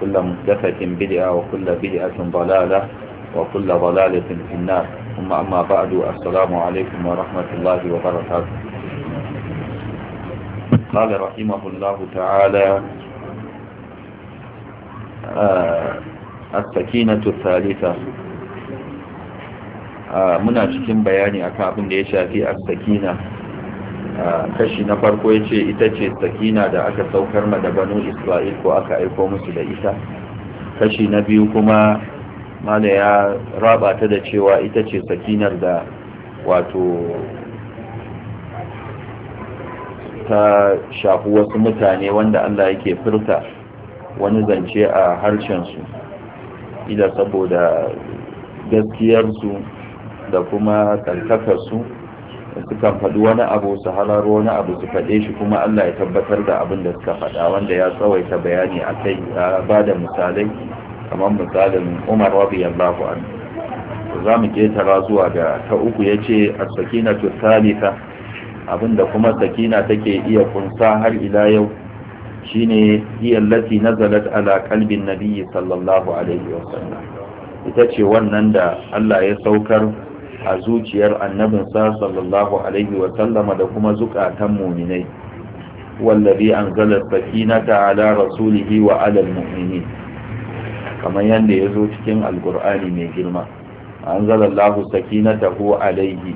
وكل محدثة بدئة وكل بدئة ضلالة وكل ضلالة في النار ثم أما بعد السلام عليكم ورحمة الله وبركاته قال رحمه الله تعالى آه، السكينة الثالثة آه، منا جسم بياني أكابن ليشا في السكينة kashi na farko ya ce ita ce sakina da aka saukar ma da banu isra'il ko aka aiko musu da ita kashi na biyu kuma mala ya raba ta da cewa ita ce sakinar da wato ta shafi wasu mutane wanda allah yake furta wani zance a harshensu ila saboda gaskiyarsu da kuma su sukan faɗi wani abu su hararo wani abu su faɗe shi kuma Allah ya tabbatar da abin da suka faɗa wanda ya tsawaita bayani a kai ba da misalai kamar misalin Umar radiyallahu anhu za mu ketara zuwa ga ta uku ya ce a sakina tusalita abinda kuma sakina take iya kunsa har ila yau shine iya lati nazalat ala kalbin nabiyyi sallallahu alaihi wasallam ita ce wannan da Allah ya saukar a zuciyar annabinsa sallallahu alaihi wa sallama da kuma zukatan muminai wallabi an zalar sakinata ala rasulihi wa alal mu'minin kamar yadda ya zo cikin alkur'ani mai girma an zalallahu sakinatahu alaihi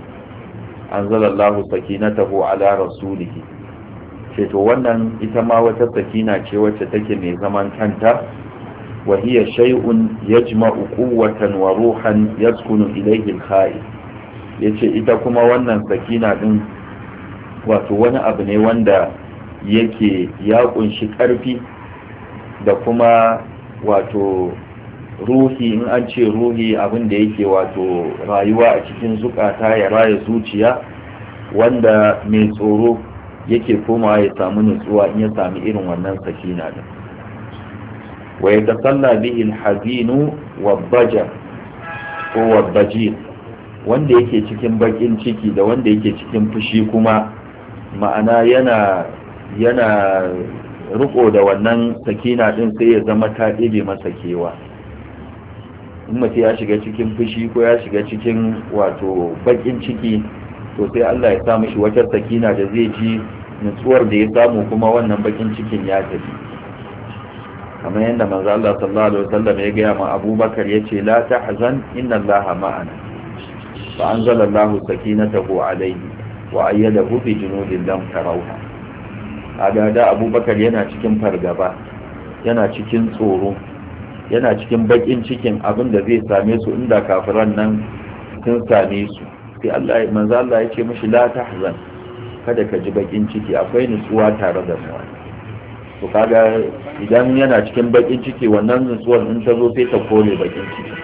an zalallahu sakinatahu ala rasulihi ce to wannan ita ma wata sakina ce wacce take mai zaman kanta وهي شيء يجمع قوة وروحا يسكن إليه الخائف yace ita kuma wannan sakina din wato wani abu ne wanda yake ya kunshi karfi da kuma wato ruhi in an ce ruhi abin da yake wato rayuwa a cikin zukata ya raya zuciya wanda mai tsoro yake komawa ya samu nutsuwa in ya sami irin wannan sakina din ويتقلى به الحزين والضجر هو الضجير wanda yake cikin bakin ciki da wanda yake cikin fushi kuma ma'ana yana yana riko da wannan sakina din sai ya zama ta ɗebe masa kewa in mutum ya shiga cikin fushi ko ya shiga cikin wato bakin ciki to sai Allah ya sa mishi wata sakina da zai ji nutsuwar da ya samu kuma wannan bakin cikin ya tafi kamar yadda manzo Allah sallallahu alaihi wasallam ya gaya ma Abubakar yace la tahzan inna Allaha ma'ana fa anzala Allahu sakinatahu alayhi wa ayyadahu bi junudin lam tarawha aga da Abubakar yana cikin fargaba yana cikin tsoro yana cikin bakin cikin abinda zai same su inda kafiran nan sun same su sai Allah manzo Allah yace mishi la tahzan kada ka ji bakin ciki akwai nutsuwa tare da mu to kaga idan yana cikin bakin ciki wannan nutsuwar in ta zo sai ta kore bakin ciki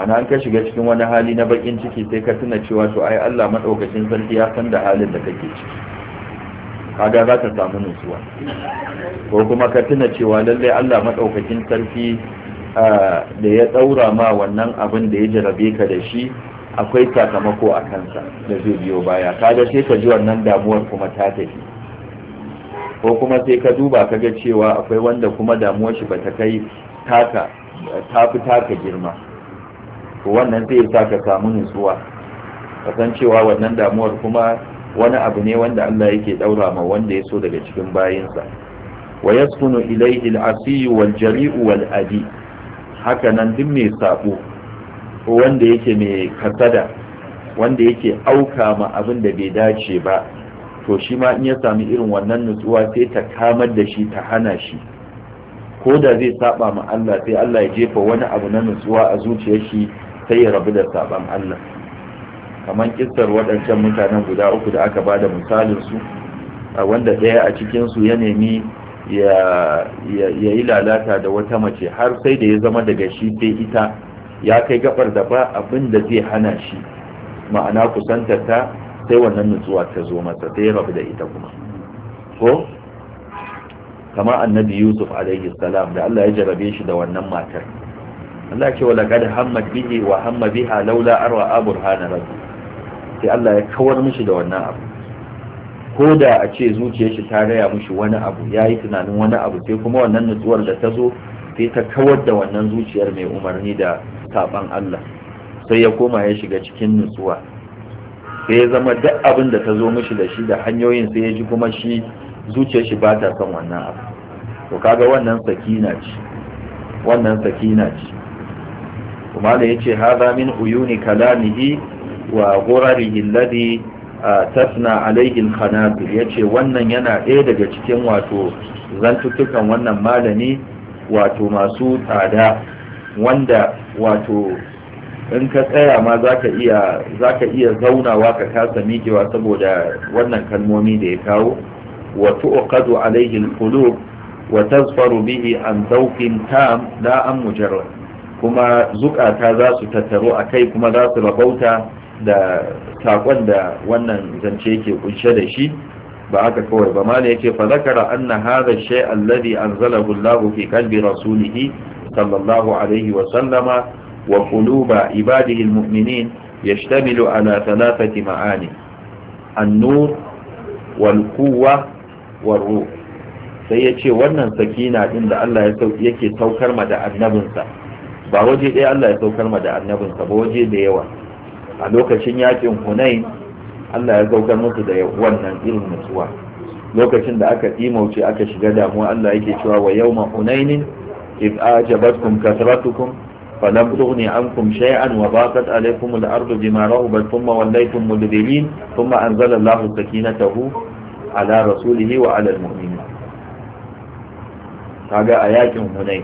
ana an ka shiga cikin wani hali na bakin ciki sai ka tuna cewa to ai Allah madaukakin sarki ya san da halin da kake ciki kaga za ka samu nutsuwa ko kuma ka tuna cewa lallai Allah madaukakin sarki da ya daura ma wannan abin da ya jarabe ka da shi akwai sakamako a kansa da zai biyo baya kaga sai ka ji wannan damuwar kuma ta tafi ko kuma sai ka duba ka ga cewa akwai wanda kuma damuwar shi ba ta kai taka ta fi taka girma to wannan zai sa ka samu nutsuwa kasan cewa wannan damuwar kuma wani abu ne wanda Allah yake daura ma wanda ya so daga cikin bayinsa Wayaskunu, yaskunu ilayhi al-asiyu wal jari'u wal adi haka nan duk mai sabo ko wanda yake mai kasada wanda yake auka ma abin da bai dace ba to shi ma in ya sami irin wannan nutsuwa sai ta kamar da shi ta hana shi ko da zai saba ma Allah sai Allah ya jefa wani abu na nutsuwa a zuciyar shi sai ya rabu da saban Allah kamar kissar waɗancan mutanen guda uku da aka bada misalin su a wanda ɗaya a cikin su ya nemi ya yi lalata da wata mace har sai da ya zama daga shi sai ita ya kai gabar da ba abin da zai hana shi ma'ana kusantar ta sai wannan nutsuwa ta zo masa sai rabu da ita kuma ko kama annabi yusuf alaihi salam da Allah ya jarabe shi da wannan matar Allah ce wala kad hammat bihi wa hamma biha laula arwa burhana rabbi sai Allah ya kawar mishi da wannan abu ko da a ce zuciyar shi ta raya mishi wani abu yayi tunanin wani abu sai kuma wannan nutsuwar da ta zo sai ta kawar da wannan zuciyar mai umarni da saban Allah sai ya koma ya shiga cikin nutsuwa sai ya zama duk abin da ta zo mishi da shi da hanyoyin sai ya ji kuma shi zuciyar shi ba ta son wannan abu to kaga wannan sakina ce wannan sakina ce kuma da yace hadha min uyuni kalamihi wa ghurarihi alladhi tasna alayhi al yace wannan yana ɗaya daga cikin wato zantuttukan wannan malami wato masu tsada wanda wato in ka tsaya ma za iya iya zaunawa ka kasa miƙewa saboda wannan kalmomi da ya kawo wa tuqadu alaihi alqulub wa tazfaru bihi an zawqin tam la an kuma zukata za su tattaro kai kuma za su rabauta da saƙon da wannan zance yake kunshe da shi ba aka kawai ba mana yake fa zakara anna shai shay alladhi anzalahu Allah fi qalbi rasulihi sallallahu alaihi وقلوب عباده المؤمنين يشتمل على ثلاثة معاني النور والقوة والروح sai ya ce wannan sakina ɗin da Allah yake saukar ma da annabinsa ba waje ɗaya Allah ya saukar ma da annabinsa ba waje da yawa a lokacin yakin hunain Allah ya saukar musu da wannan irin nutsuwa lokacin da aka imauce aka shiga damuwa Allah yake cewa wa yawma hunainin id ajabatkum kasratukum فلم تغني عنكم شيئا وضاقت عليكم الأرض بما رهبت ثم وليتم مدبرين ثم أنزل الله سكينته على رسوله وعلى المؤمنين kaga a yakin hunai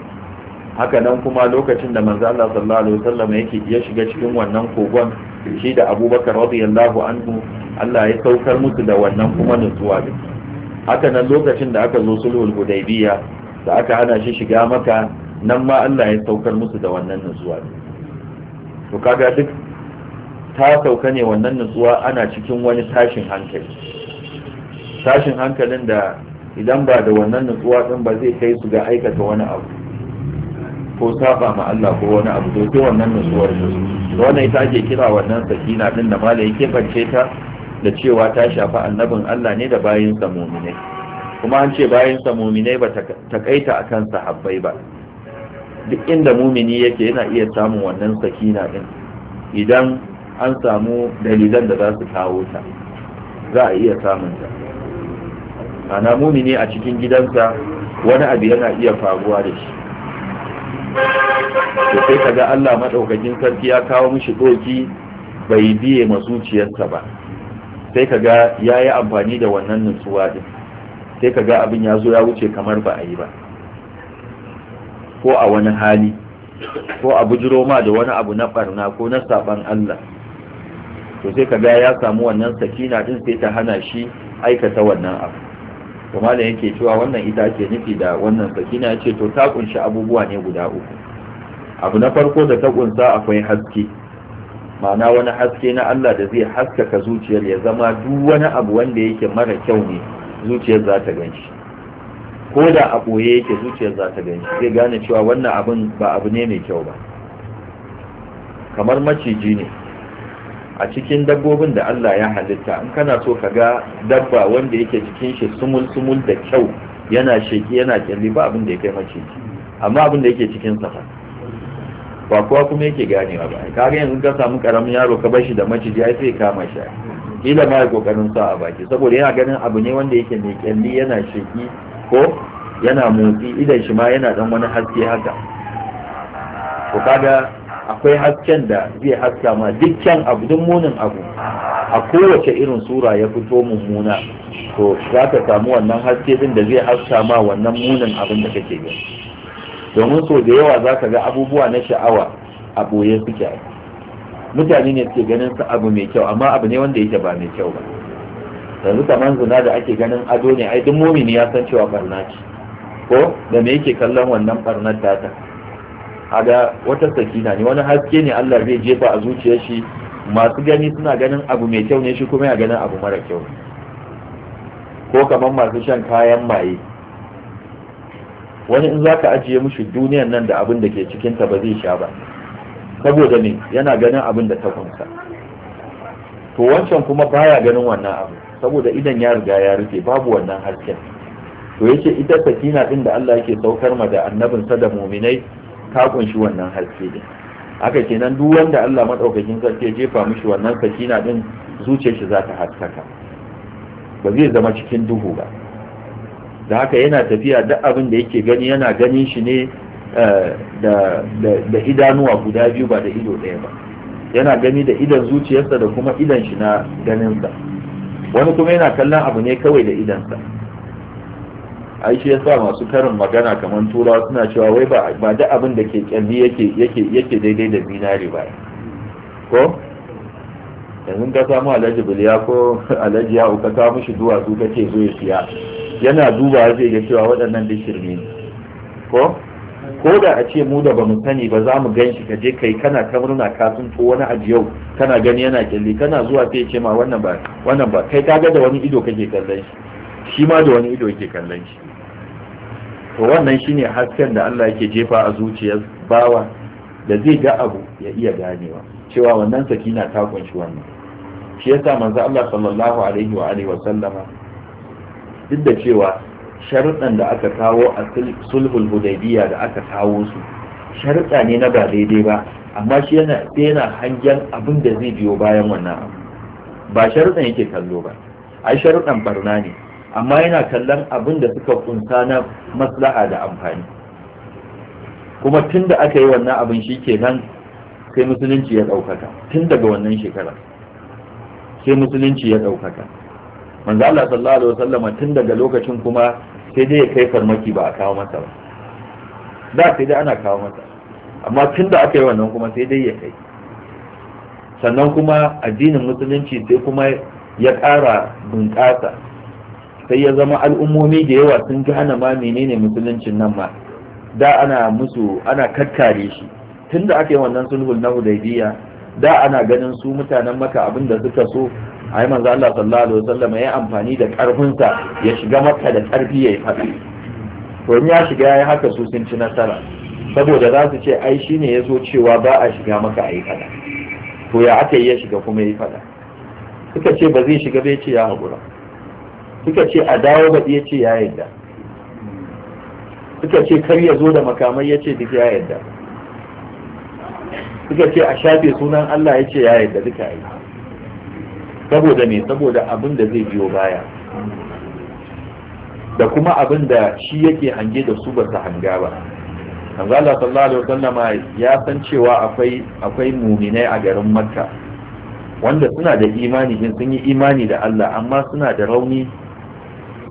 haka nan kuma lokacin da manzo Allah sallallahu alaihi wasallam yake ya shiga cikin wannan kogon shi da Abubakar radiyallahu anhu Allah ya saukar musu da wannan kuma nutsuwa haka nan lokacin da aka zo sulhul hudaybiya da aka hana shi shiga maka nan ma Allah ya saukar musu da wannan nutsuwa to kaga duk ta sauka ne wannan nutsuwa ana cikin wani tashin hankali tashin hankalin da idan ba da wannan nutsuwa din ba zai kai su ga aikata wani abu ko saba ma Allah ko wani abu to sai wannan nutsuwar su wannan ita ake kira wannan sakina din da malai yake fance ta da cewa ta shafa annabin Allah ne da bayin sa mu'minai kuma an ce bayin sa mu'minai ba ta kaita akan sahabbai ba duk inda mumini yake yana iya samun wannan sakina din idan an samu dalilan da za su kawo ta za a iya samun ta ana mumini a cikin gidansa wani abu yana iya faruwa da shi to sai kaga Allah maɗaukakin sarki ya kawo mishi ɗoki bai biye masuciyarsa ba sai kaga yayi amfani da wannan nutsuwa din sai kaga abin ya zo ya wuce kamar ba a yi ba ko a wani hali ko a bujiro ma da wani abu na barna ko na saban Allah to sai ka ga ya samu wannan sakina din sai ta hana shi aikata wannan abu kuma da yake cewa wannan ita ake nufi da wannan sakina ya ce to ta kunshi abubuwa ne guda uku abu na farko da ta kunsa akwai haske ma'ana wani haske na Allah da zai haskaka zuciyar ya zama duk wani abu wanda yake mara kyau ne zuciyar za ta gan ko da a ɓoye yake zuciyar za ta gani zai gane cewa wannan abin ba abu ne mai kyau ba kamar maciji ne a cikin dabbobin da Allah ya halitta in kana so ka ga dabba wanda yake cikin shi sumul-sumul da kyau yana sheki yana kyalli ba abin da ya kai maciji amma abin da yake cikin safa ba kowa kuma yake ganewa ba ga yanzu ka samu karamin yaro ka bar shi da maciji ai sai kama shi kila ma ya kokarin sa a baki saboda yana ganin abu ne wanda yake mai kyalli yana sheki ko yana motsi idan shi ma yana dan wani haske haka to kaga akwai hasken da zai haska ma dukkan abu duk munin abu a kowace irin sura ya fito mummuna to za ka samu wannan haske din da zai haska ma wannan munin abin da kake gani domin so da yawa za ka ga abubuwa na sha'awa a boye suke mutane ne suke ganin su abu mai kyau amma abu ne wanda yake ba mai kyau ba yanzu kamar zina da ake ganin ado ne ai duk mumini ya san cewa barna ce ko da me yake kallon wannan barnar tata aga wata sakina ne wani haske ne Allah zai jefa a zuciyar shi masu gani suna ganin abu mai kyau ne shi kuma ya ganin abu mara kyau ko kamar masu shan kayan maye wani in za ka ajiye mushi duniyan nan da abin da ke cikinta ba zai sha ba saboda ne yana ganin abin da ta kunsa to wancan kuma baya ganin wannan abu saboda idan ya riga ya rufe babu wannan hasken to yace ita sakina din da Allah yake saukar ma da annabin sa da mu'minai ka kunshi wannan haske din haka kenan duk wanda Allah madaukakin sarki ya jefa mishi wannan sakina din zuciyar shi za ta haskaka ba zai zama cikin duhu ba da haka yana tafiya duk abin da yake gani yana ganin shi ne eh, da idanuwa guda biyu ba da ido ɗaya ba yana gani da idan zuciyarsa da kuma idan shi na ganinsa wani kuma yana kallon abu ne kawai da idansa ai shi yasa masu karin magana kamar turawa suna cewa wai ba da abin da ke kyalli yake daidai da binari ba ko yanzu ka samu alhaji biliya ko alhaji ya ka kawo zuwa duwatsu kake zo ya siya yana duba zai ga cewa waɗannan duk shirme ko ko da a ce mu da ba mu sani ba za mu gan shi ka je kai kana ta murna ka sun to wani abu yau kana gani yana kyalli kana zuwa sai ce ma wannan ba wannan ba kai kaga da wani ido kake kallon shi shi ma da wani ido yake kallon shi to wannan shine hasken da Allah yake jefa a zuciyar bawa da zai ga abu ya iya ganewa cewa wannan sakina ta kunshi wannan shi yasa manzo Allah sallallahu alaihi wa alihi wa sallama duk da cewa sharuɗan da aka kawo a sulhul hudaybiya da aka kawo su sharuɗa ne na ba daidai ba amma shi yana yana hangen abin da zai biyo bayan wannan abu ba sharuɗan yake kallo ba ai sharuɗan barna ne amma yana kallon abin da suka kunsa na maslaha da amfani kuma tun da aka yi wannan abin shi ke nan, sai musulunci ya ɗaukaka tun daga wannan shekara sai musulunci ya ɗaukaka manzo Allah sallallahu alaihi wasallam tun daga lokacin kuma sai dai ya kai farmaki ba a kawo mata ba da sai dai ana kawo mata amma tun da aka yi wannan kuma sai dai ya kai sannan kuma addinin musulunci sai kuma ya ƙara bunƙasa sai ya zama al'ummomi da yawa sun gane ma menene musuluncin nan ma da ana musu ana kakkare shi tun da aka yi wannan sulhul na hudaybiya da ana ganin su mutanen maka abin da suka so ai manzo Allah sallallahu alaihi wasallam ya amfani da karfinsa ya shiga makka da karfi yayi fada to in ya shiga yayi haka su sun ci nasara saboda za su ce ai shine ya zo cewa ba a shiga maka ayi fada to ya aka yi ya shiga kuma yayi fada suka ce ba zai shiga bai ce ya haƙura suka ce a dawo ba ya ce ya yadda suka ce kar ya zo da makamai ya ce duk ya yadda suka ce a shafe sunan Allah ya ce ya yadda duka yi saboda me saboda abin da zai biyo baya da kuma abin da shi yake hange da su ba su hanga ba Allah sallallahu alaihi wasallam ya san cewa akwai akwai muminai a garin Makka wanda suna da imani din sun yi imani da Allah amma suna da rauni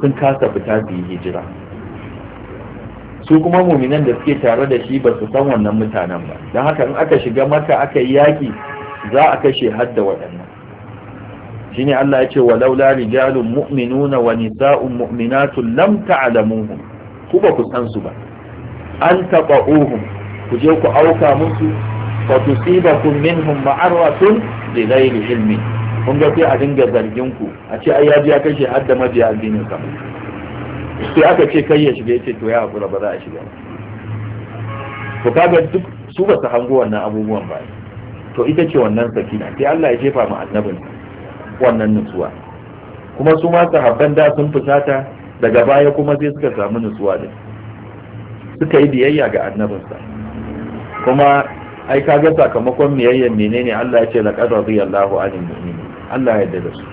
sun kasa fita su yi hijira su kuma muminan da suke tare da shi ba su san wannan mutanen ba don haka in aka shiga Makka aka yi yaki za a kashe hadda waɗannan shine Allah yace walaula rijalun mu'minuna wa nisa'un mu'minatun lam ta'lamuhum ku ba ku san su ba an taqa'uhum ku je ku auka musu fa tusibakum minhum ma'aratun bi ghairi ilmi kun ga sai a dinga zargin ku a ce ai ya ji ya kashe har mabiya addinin sa sai aka ce kai ya shiga yace to ya hakura ba za a shiga Ku kaga duk su ba su hango wannan abubuwan ba to ita ce wannan sakina sai Allah ya jefa mu annabinsa wannan nutsuwa kuma su ma sahabban da sun fusata daga baya kuma sai suka samu nutsuwa din suka yi biyayya ga annabinsa kuma ai kaga sakamakon miyayyan menene Allah ya ce laqad radiyallahu anil mu'minin Allah ya yarda su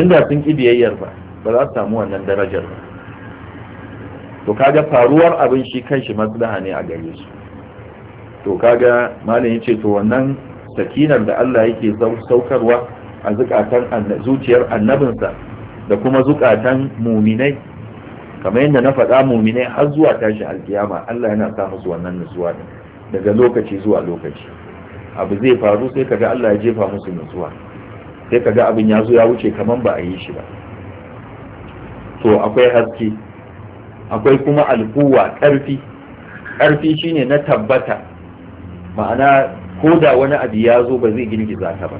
inda sun ki biyayyar ba ba za su samu wannan darajar ba to kaga faruwar abin shi kanshi maslaha ne a gare su to kaga malamin yace to wannan sakinar da Allah yake saukarwa a zukatan zuciyar annabinsa da kuma zukatan muminai kamar yadda na faɗa muminai har zuwa tashi alkiyama Allah yana sa musu wannan nutsuwa daga lokaci zuwa lokaci abu zai faru sai kaga Allah ya jefa musu nutsuwa sai kaga abin ya zo ya wuce kamar ba a yi shi ba to akwai haske akwai kuma alkuwa ƙarfi ƙarfi shine na tabbata ma'ana ko da wani abu ya zo ba zai girgiza ta ba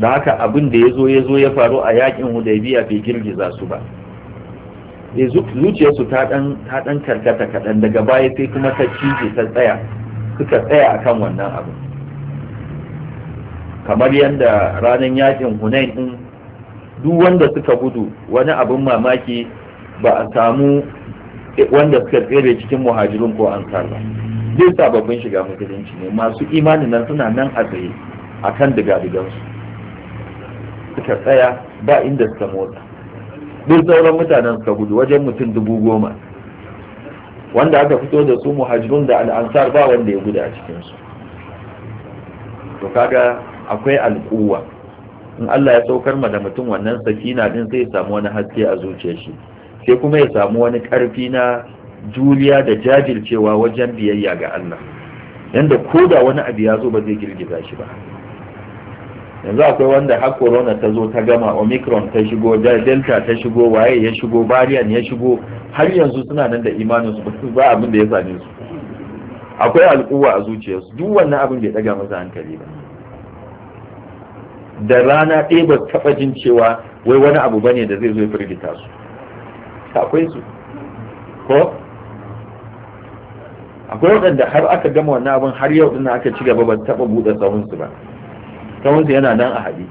da haka abin da ya zo ya zo ya faru a yakin hudaybiya bai girgiza su ba zuciyarsu ta dan karkata kaɗan daga baya sai kuma ta cije ta tsaya suka tsaya a kan wannan abu kamar yadda ranar yakin hunain din duk wanda suka gudu wani abin mamaki ba a samu wanda suka tsere cikin muhajirun ko an ba duk sababbin shiga musulunci ne masu imanin nan suna nan a tsaye akan diga-digansu suka tsaya ba inda suka motsa duk sauran mutanen suka gudu wajen mutum dubu goma wanda aka fito da su muhajirun da al'ansar ba wanda ya gudu a cikinsu to kaga akwai al'uwa in Allah ya saukar ma da mutum wannan sakina din sai ya samu wani haske a zuciyar shi sai kuma ya samu wani karfi na juriya da jajircewa wajen biyayya ga Allah yanda ko da wani abu ya zo ba zai girgiza shi ba yanzu akwai wanda har corona ta zo ta gama omicron ta shigo delta ta shigo waye ya shigo variant ya shigo har yanzu suna nan da imanin su ba abin da ya same su akwai al'uwa a zuciyarsu duk wannan abin bai daga masa hankali ba da rana ɗaya ba taɓa jin cewa wai wani abu bane da zai zo ya firgita su akwai su ko akwai waɗanda har aka gama wannan abin har yau din aka ci gaba ba taɓa buɗe sahunsu ba su yana nan a haɗe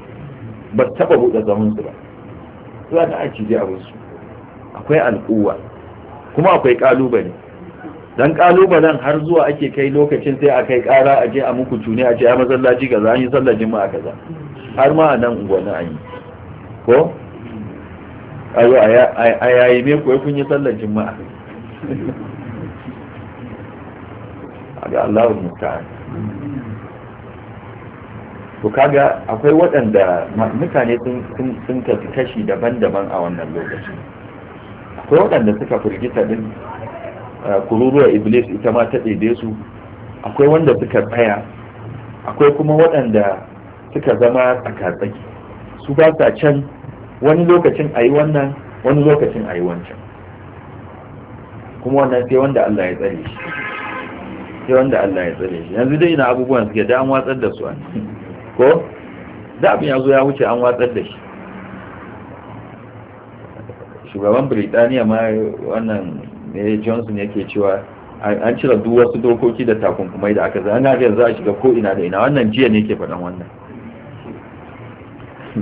ba su taɓa buɗe sahunsu ba Su za ta aiki zai abinsu akwai al'uwa kuma akwai ƙalubale dan ƙalubalen har zuwa ake kai lokacin sai a kai ƙara a je a muku tuni a ce ya masallaci za an yi sallar jima'a kaza har ma a nan unguwanni an yi ko a zo a yayi me kuwa kun yi sallar jima'a ga Allahu musta'an to kaga akwai waɗanda mutane sun tafi kashi daban-daban a wannan lokaci akwai waɗanda suka firgita din eh, kururuwa iblis ita ma ta ɗaiɗe su akwai wanda suka tsaya akwai kuma waɗanda suka zama tsakatsaki su ba sa can wani lokacin a yi wannan wani lokacin a yi wancan kuma wannan sai wanda Allah ya tsare shi sai wanda Allah ya tsare shi yanzu dai na abubuwan suke da an watsar da su a ko da abin ya zo ya wuce an watsar da shi shugaban birtaniya ma wannan ne johnson yake cewa an cire duk wasu dokoki da takunkumai da aka zana ga za a shiga ko ina da ina wannan jiya ne ke faɗan wannan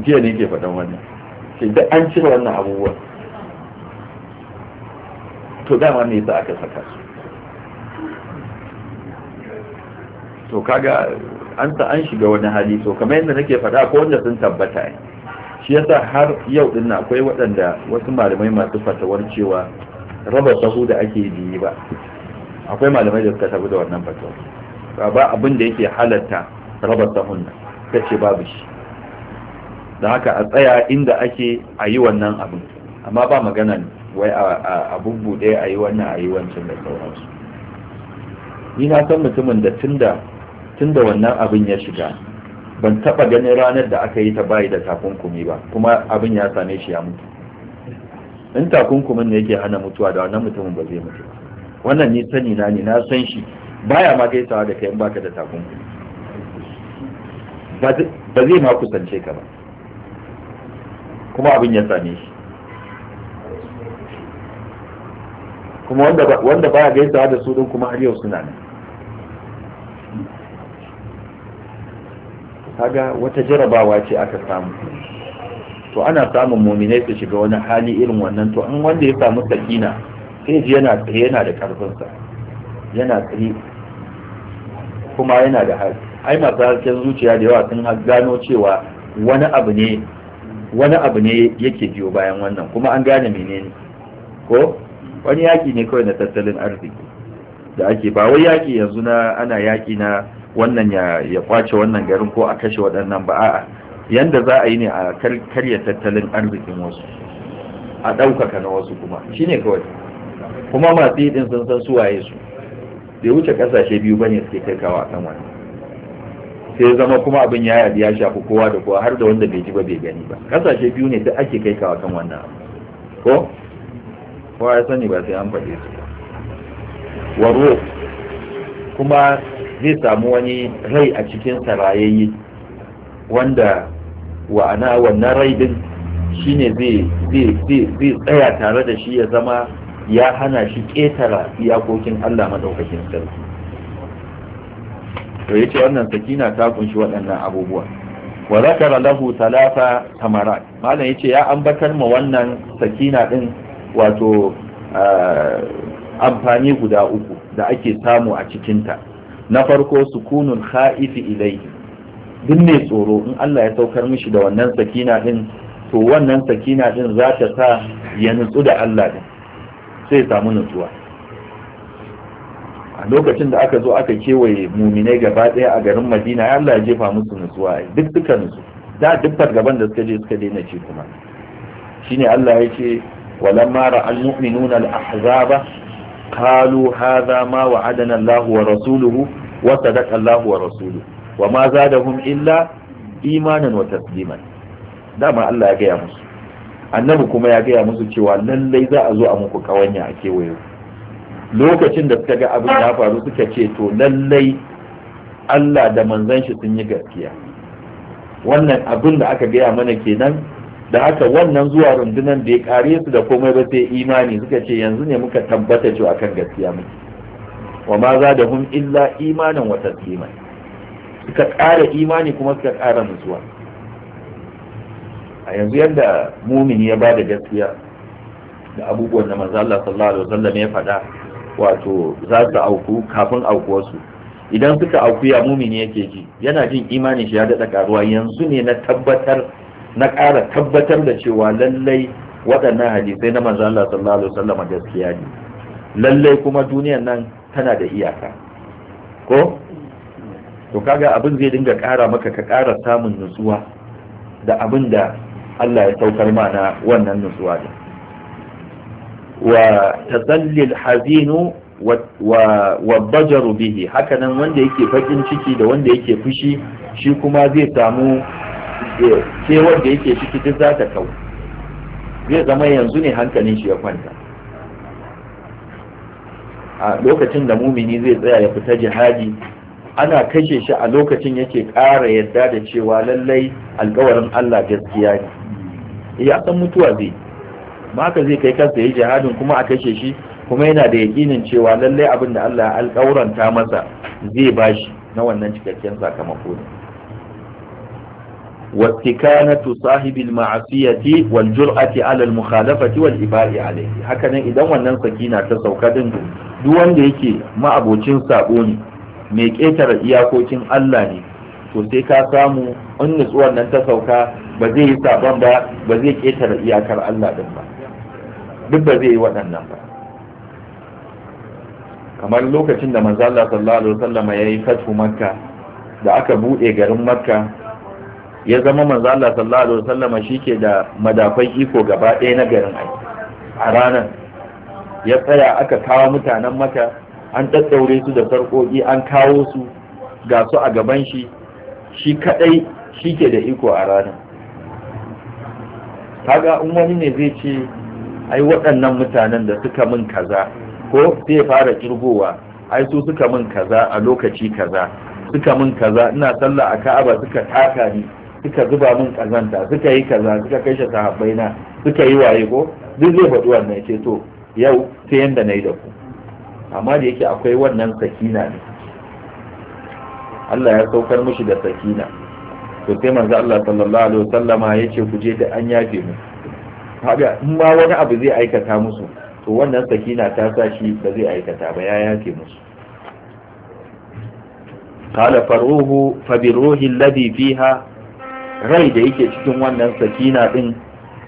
jiya ne ke faɗan wannan sai da an cire wannan abubuwan to dama ne za aka saka su to kaga an ta an shiga wani hali so kamar yadda nake faɗa ko wanda sun tabbata ne shi yasa har yau din akwai waɗanda wasu malamai masu fatawar cewa raba sahu da ake biyu ba akwai malamai da suka tafi da wannan fatawar ba abin da yake halatta raba sahun nan ce babu shi don haka a tsaya inda ake a yi wannan abin amma ba magana wai a bubbuɗe a yi wannan a yi wancan da sauransu ni na san mutumin da tun da tun da wannan abin ya shiga ban taba ganin ranar da aka yi ta bayi da takunkumi ba kuma abin ya same shi ya mutu in takunkumin ne yake hana mutuwa da wannan mutumin ba zai mutu wannan ni sani na ni na san shi baya ma gaisawa da kai in baka da takunkumi ba zai ma kusance ka ba kuma abin ya same shi kuma wanda baya gaisawa da su din kuma har yau suna nan kaga wata jarabawa ce aka samu to ana samun mominai su shiga wani hali irin wannan to an wanda ya samu sakina sai ji yana tsaye yana da karfinsa yana tsaye kuma yana da hali ai masu harshen zuciya da yawa sun gano cewa wani abu ne wani abu ne yake biyo bayan wannan kuma an gane menene ko wani yaki ne kawai na tattalin arziki da ake ba wai yaki yanzu na ana yaki na wannan ya kwace wannan garin ko a kashe waɗannan ba a'a yanda za a yi ne a karya tattalin arzikin wasu a ɗaukaka na wasu kuma Shi ne kawai kuma masu yi sun san waye su bai wuce ƙasashe biyu ba ne suke kai kawo a kan wani sai zama kuma abin ya yadi ya shafi kowa da kowa har da wanda bai ji ba bai gani ba ƙasashe biyu ne duk ake kai kawo kan wannan ko kowa ya sani ba sai an faɗe su waro kuma zai samu wani rai a cikin sarayayi, wanda wa'ana wannan rai din shine zai tsaya tare da shi ya zama ya hana shi ƙetara iyakokin Allah maɗaukakin sarki to yace wannan sakina ta kunshi waɗannan abubuwa wa zakara lahu talafa tamarat malam yace ya ambatar ma wannan sakina ɗin wato ah, amfani guda uku da ake samu a cikinta na farko sukunul kha'ifi ilai duk mai tsoro in Allah ya saukar mishi da wannan sakina din to wannan sakina din za ta sa ya nutsu da Allah din sai samu nutsuwa a lokacin da aka zo aka kewaye muminai gaba ɗaya a garin madina ya Allah ya jefa musu nutsuwa duk suka nutsu da duk fargaban da suka je suka daina ci kuma shine Allah ya ce walamma ra'al mu'minuna al-ahzaba قالوا هذا ما وعدنا الله ورسوله وصدق الله ورسوله وما زادهم إلا إيمانا وتسليما دام الله يا مسلم annabi kuma ya gaya musu cewa lallai za a zo a muku ƙawanya a kewaye lokacin da suka ga abin ya faru suka ce to lallai Allah da manzon shi sun yi gaskiya wannan abin da aka gaya mana kenan da haka wannan zuwa rundunan ya kare su da komai ba sai imani suka ce yanzu ne muka tabbata cewa kan gaskiya muke wa ma za da hum illa imanin wa taslima suka ƙara imani kuma suka ƙara nutsuwa a yanzu yadda mumini ya ba da gaskiya da abubuwan da manzo Allah sallallahu alaihi wasallam ya faɗa wato za su auku kafin su idan suka auku ya mumini yake ji yana jin imanin shi ya dada karuwa yanzu ne na tabbatar na ƙara tabbatar da cewa lallai waɗannan hadisai na manzo Allah sallallahu alaihi wasallam gaskiya ne lallai kuma duniyar nan tana da iyaka ko to kaga abin zai dinga ƙara maka ka ƙara samun nutsuwa da abin da Allah ya saukar mana wannan nutsuwa ne wa tasallil hazinu wa bajaru bihi hakanan wanda yake fakin ciki da wanda yake fushi shi kuma zai samu Eh, ke da yake ciki duk za ta kau zai zama yanzu ne hankalin shi ya kwanta a lokacin da mumini zai tsaya ya fita jihadi ana kashe shi a lokacin yake ƙara yadda da cewa lallai alkawarin Allah gaskiya ne ya san mutuwa zai maka zai kai kansa yi jihadin kuma a kashe shi kuma yana da yaƙinin cewa lallai abin da Allah ya alkawuranta masa zai bashi na wannan cikakken sakamako ne wattikanatu sahibil ma'asiyati wal jur'ati ala al mukhalafati wal iba'i alayhi haka nan idan wannan sakina ta sauka din duk wanda yake ma'abocin sabo ne mai ƙetare iyakokin Allah ne to ka samu in nutsuwar nan ta sauka ba zai yi sabon ba ba zai ƙetare iyakar Allah ɗin ba duk ba zai yi waɗannan ba kamar lokacin da manzo Allah sallallahu ya yi fatu makka da aka buɗe garin makka ya zama manzo Allah sallallahu alaihi wasallam shike da madafan iko gaba ɗaya na garin ai a ranar ya tsaya aka kawo mutanen maka an daddaure su da sarƙoƙi an kawo su ga su a gaban shi shi kadai shike da iko a ranar kaga in wani ne zai ce ai waɗannan mutanen da suka min kaza ko sai fara kirgowa ai su suka min kaza a lokaci kaza suka min kaza ina sallah a Ka'aba suka taka ni suka zuba min kazanta suka yi kaza suka kai shi sahabbai na suka yi waye ko duk zai faɗi wannan ce to yau sai yanda na yi da ku amma da yake akwai wannan sakina ne Allah ya saukar mushi da sakina to sai manzo Allah sallallahu alaihi wasallama yace ku je da an yafe mu kaga in ma wani abu zai aikata musu to wannan sakina ta sa shi ba zai aikata ba ya yafe musu قال فروه فبروه الذي فيها rai da yake cikin wannan sakina din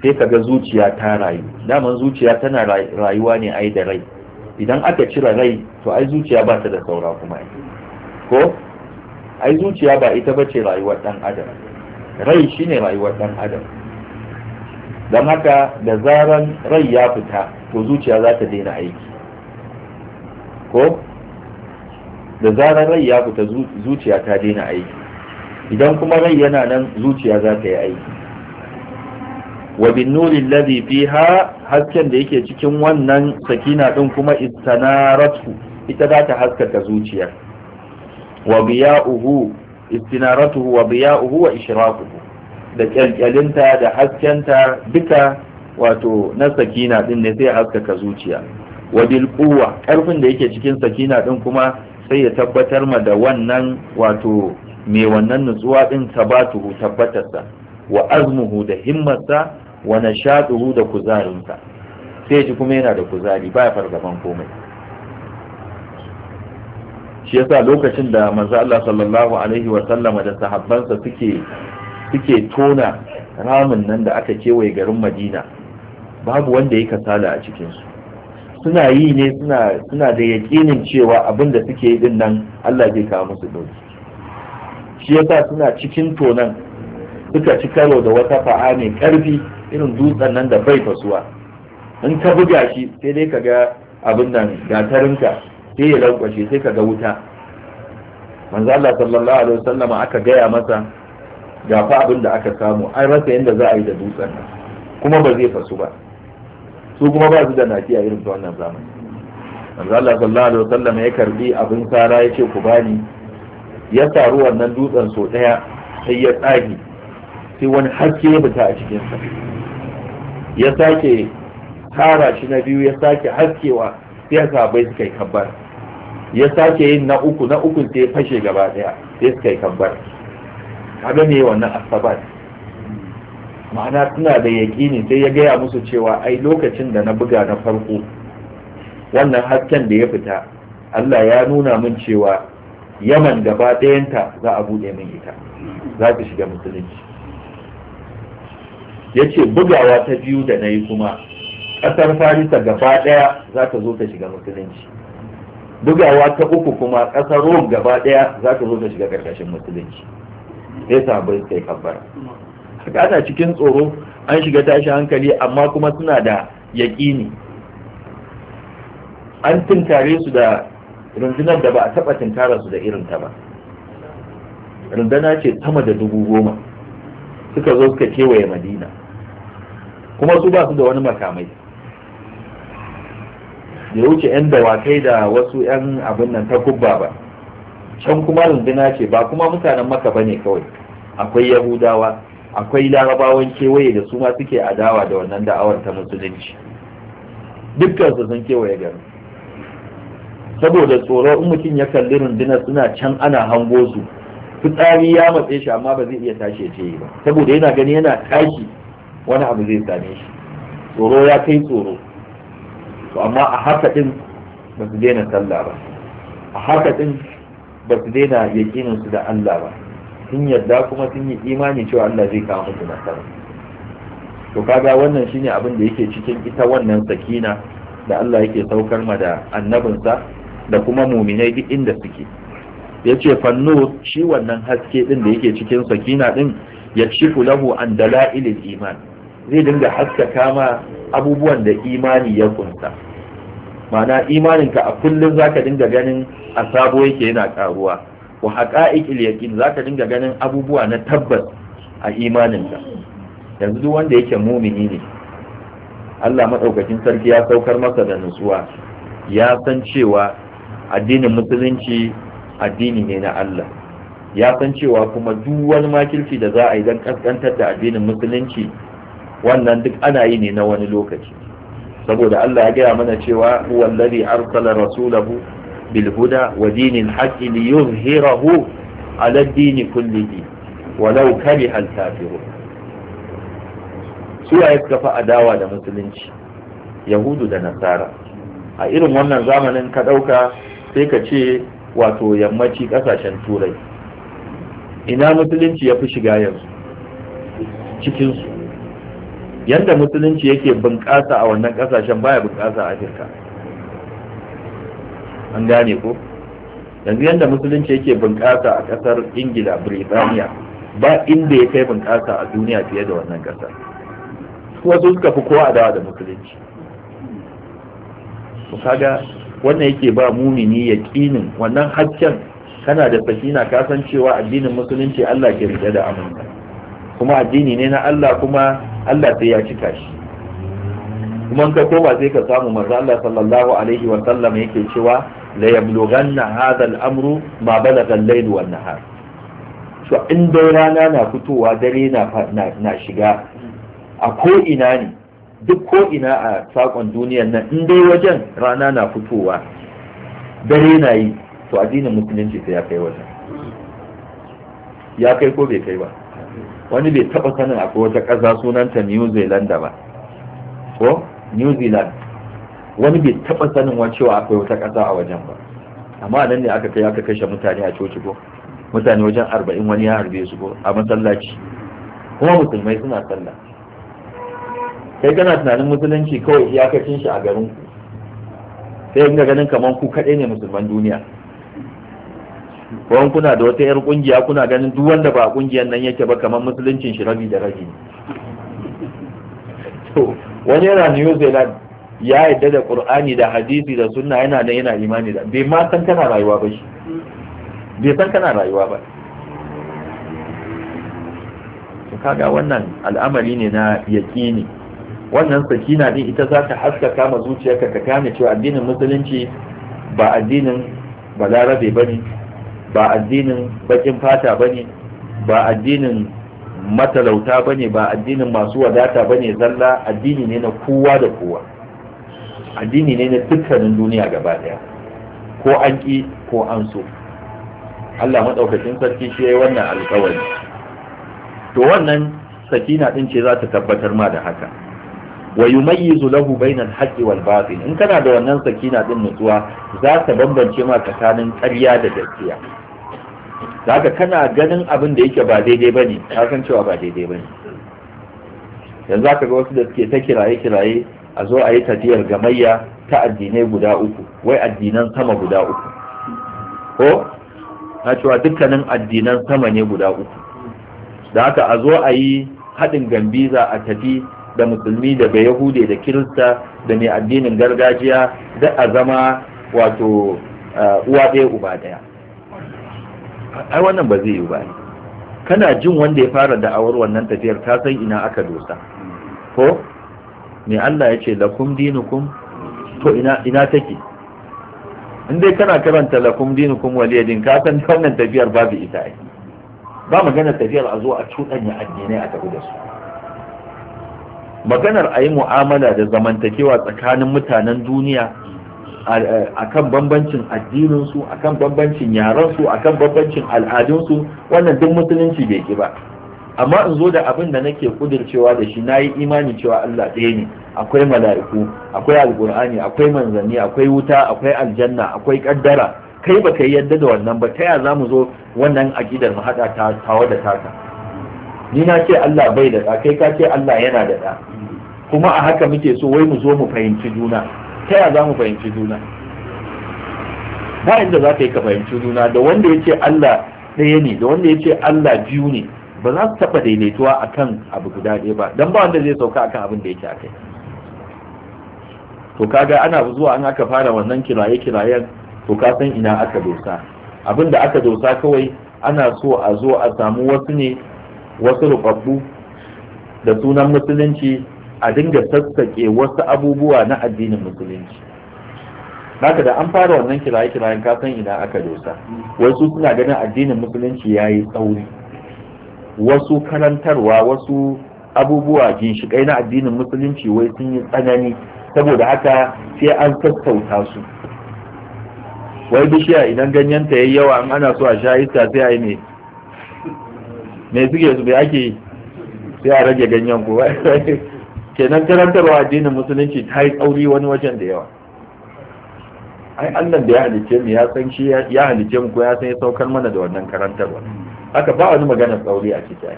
sai kaga zuciya ta rayu daman zuciya tana rayuwa ne ai da rai idan aka cire rai to ai zuciya ba ta da saura kuma ai ko ai zuciya ba ita ba ce rayuwar dan adam rai shine rayuwar dan adam don haka da zaran rai ya fita to zuciya za ta daina aiki ko da zarar rai ya fita zuciya ta daina aiki idan kuma rai yana nan zuciya za ta yi aiki wa bin nuri ladhi fiha hasken da yake cikin wannan sakina din kuma istanaratu ita za ta haskaka zuciyar wa biya'uhu istinaratuhu wa biya'uhu wa ishraquhu da kyalkyalinta da haskenta duka wato na sakina din ne sai haskaka zuciya wa bil quwwa karfin da yake cikin sakina din kuma sai ya tabbatar ma da wannan wato mai wannan nutsuwa ɗin sabatuhu tabbatarsa wa azmuhu da himmarsa wa na shaɗuhu da kuzarinsa sai ji kuma yana da kuzari ba ya fargaban komai shi yasa lokacin da manzo Allah sallallahu alaihi wa sallama da sahabbansa suke suke tona ramin nan da aka kewaye garin Madina babu wanda ya kasala a cikin su suna yi ne suna suna da yaƙinin cewa abin da suke yi din nan Allah zai kawo musu dauki shi yasa suna cikin tonan suka ci karo da wata fa'a mai karfi irin dutsen nan da bai fasuwa in ka buga shi sai dai ka ga abin nan gatarinka sai ya lankwashe sai ka ga wuta manzo Allah sallallahu alaihi wasallama aka gaya masa ga fa abin da aka samu an rasa yadda za a yi da dutsen nan kuma ba zai fasu ba su kuma ba su da nafiya irin wannan zamani manzo Allah sallallahu alaihi wasallam ya karbi abin sara ya ce ku bani ya taru wannan dutsen so daya sai ya tsage sai wani haske ya fita a cikinsa ya sake tara shi na biyu ya sake haskewa sai ya sahabbai suka yi kabbar ya sake yin na uku na uku sai ya fashe gaba daya sai suka yi kabbar kaga ne wannan asabat ma'ana suna da yaƙini sai ya gaya musu cewa ai lokacin da na buga na farko wannan hasken da ya fita Allah ya nuna min cewa yaman gaba ɗayanta za a buɗe min ita za ta shiga musulunci ya ce bugawa ta biyu da na yi kuma ƙasar farisa gaba ɗaya za ta zo ta shiga musulunci bugawa ta uku kuma ƙasar rom gaba ɗaya za ta zo ta shiga ƙarƙashin musulunci sai bai sai kabbara haka ana cikin tsoro an shiga tashi hankali amma kuma suna da yaƙini an tunkare su da rundunar da ba a taɓa tinkara su da irin ta ba rundana ce sama da dubu goma suka zo suka kewaye madina kuma su ba su da wani makamai ya wuce 'yan dawakai da wasu 'yan abin nan takubba ba can kuma runduna ce ba kuma mutanen maka ba ne kawai akwai yahudawa akwai larabawan kewaye da su ma suke adawa da wannan da'awar ta musulunci dukkansu sun kewaye garin saboda tsoron in mutum ya kalli runduna suna can ana hango su fitsari ya matse shi amma ba zai iya tashi ya ce ba saboda yana gani yana tashi wani abu zai same shi tsoro ya kai tsoro to amma a haka din ba su daina sallah ba a haka din ba su daina yakinin su da Allah ba sun yadda kuma sun yi imani cewa Allah zai kawo musu nasara to kaga wannan shine abin da yake cikin ita wannan sakina da Allah yake saukar ma da annabinsa da kuma muminai duk inda suke ya ce fanno shi wannan haske din da yake cikin sakina din ya ci lahu an dala'ilin iman zai dinga haska kama abubuwan da imani ya kunsa ma'ana imaninka a kullum zaka dinga ganin a sabo yake yana karuwa wa haqa'iqil yaqin zaka dinga ganin abubuwa na tabbas a imaninka yanzu duk wanda yake mumini ne Allah madaukakin sarki ya saukar masa da nutsuwa ya san cewa addinin musulunci addini ne na Allah ya san cewa kuma duk wani makilci da za a yi don kaskantar da addinin musulunci wannan duk ana yi ne na wani lokaci saboda Allah ya gaya mana cewa wallazi arsala rasulahu bil huda wa dinil haqqi li yuzhirahu ala dini kullihi walau kariha al kafirun su ya suka adawa da musulunci yahudu da nasara a irin wannan zamanin ka dauka sai ka ce wato yammaci kasashen turai ina musulunci ya fi shiga yanzu cikinsu yadda musulunci yake bunƙasa a wannan kasashen baya bunƙasa a afirka an gane ko yanzu yadda musulunci yake bunƙasa a ƙasar ingila birtaniya ba inda ya kai bunƙasa a duniya fiye da wannan ƙasar wasu suka fi kowa adawa da musulunci kaga wannan yake ba mumini yaqinin wannan hakken kana da sakina kasan cewa addinin musulunci Allah ke rike da amana kuma addini ne na Allah kuma Allah sai ya cika shi kuma ka koma sai ka samu manzo Allah sallallahu alaihi wa sallam yake cewa la yablughanna hadha al-amru ma balagha al-layl wa an-nahar to in dai rana na fitowa dare na na shiga a ko ina ne duk ko ina a sakon duniyar nan in dai wajen rana na fitowa dare na yi to addinin musulunci sai ya kai wajen ya kai ko bai kai ba wani bai taba sanin akwai wata ƙasa sunanta new zealand ba ko new zealand wani bai taba sanin wa cewa akwai wata ƙasa a wajen ba amma nan ne aka kai aka kashe mutane a coci ko mutane wajen arba'in wani ya harbe su ko a masallaci kuma musulmai suna sallah kai kana tunanin musulunci kawai iyakacin shi a garin ku sai in ganin kamar ku kaɗai ne musulman duniya ko kuna da wata yar kungiya kuna ganin duk wanda ba kungiyar nan yake ba kamar musuluncin shi rabi da rabi to wani yana New Zealand ya yadda da Qur'ani da hadisi da sunna yana da yana imani da bai ma san kana rayuwa ba shi bai san kana rayuwa ba kaga wannan al'amari ne na yaƙini wannan sakina din ita za ta haskaka ma zuciyarka ka gane cewa addinin musulunci ba addinin balarabe ba ne ba addinin bakin fata ba ne ba addinin matalauta ba ne ba addinin masu wadata ba ne zalla addini ne na kowa da kowa addini ne na dukkanin duniya gaba daya ko an ƙi ko an so allah maɗaukacin sarki shi ya yi wannan alkawari to wannan sakina ɗin ce za ta tabbatar ma da haka wa yumayyizu lahu bainal haqqi wal batil in kana da wannan sakina din nutsuwa za ta bambance ma tsakanin ƙarya da gaskiya zaka kana ganin abin da yake ba daidai bane ka san cewa ba daidai bane yanzu ka ga wasu da suke ta kiraye kiraye a zo a yi tafiyar gamayya ta addinai guda uku wai addinan sama guda uku ko na cewa dukkanin addinan sama ne guda uku da haka a zo a yi haɗin gambiza a tafi da musulmi da bai da kirista da mai addinin gargajiya da a zama wato uh, uwa ɗaya uba ɗaya ai wannan ba zai yi ba kana jin wanda ya fara da'awar wannan tafiyar ka san ina aka dosa ko me Allah ya ce lakum dinukum to ina ina take in dai kana karanta lakum dinukum waliyadin ka san wannan tafiyar babu ita ai ba magana tafiyar a zo a cuɗanya addinai a tafi da su maganar a yi mu'amala da zamantakewa tsakanin mutanen duniya a kan bambancin addininsu a kan bambancin yarensu a kan bambancin al'adunsu wannan duk musulunci bai ki ba amma in zo da abin da nake kudircewa da shi na yi imani cewa Allah ɗaya ne akwai mala'iku akwai alƙur'ani akwai manzanni akwai wuta akwai aljanna akwai kaddara kai baka yadda da wannan ba ta ya mu zo wannan akidar mu haɗa ta tawa da taka ni na ce Allah bai da ɗa kai ka ce Allah yana da ɗa kuma a haka muke so wai mu zo mu fahimci juna ta yaya za mu fahimci juna ba inda za ka yi ka fahimci juna da wanda ya ce Allah ɗaya ne da wanda ya ce Allah biyu ne ba za su taɓa daidaituwa a kan abu guda ɗaya ba don ba wanda zai sauka akan abin da yake a kai to kaga ana zuwa an aka fara wannan kiraye kirayen to ka san ina aka dosa abin da aka dosa kawai ana so a zo a samu wasu ne wasu rubabbu da sunan musulunci a dinga sassaƙe wasu abubuwa na addinin musulunci haka da an fara wannan kiraye-kirayen kasan idan aka dosa wasu suna ganin addinin musulunci ya yi tsauri wasu karantarwa wasu abubuwa ginshiƙai na addinin musulunci wai sun yi tsanani saboda haka sai an sassauta su wai bishiya idan ganyenta ya yi yawa an ana so a sha iska sai a yi ne me suke su bai ake sai a rage ganyen ko kenan karantarwa addinin musulunci ta yi tsauri wani wajen da yawa ai allan da ya halice mu ya san shi ya halice mu ko ya san ya saukar mana da wannan karantarwa haka ba wani magana tsauri a cikin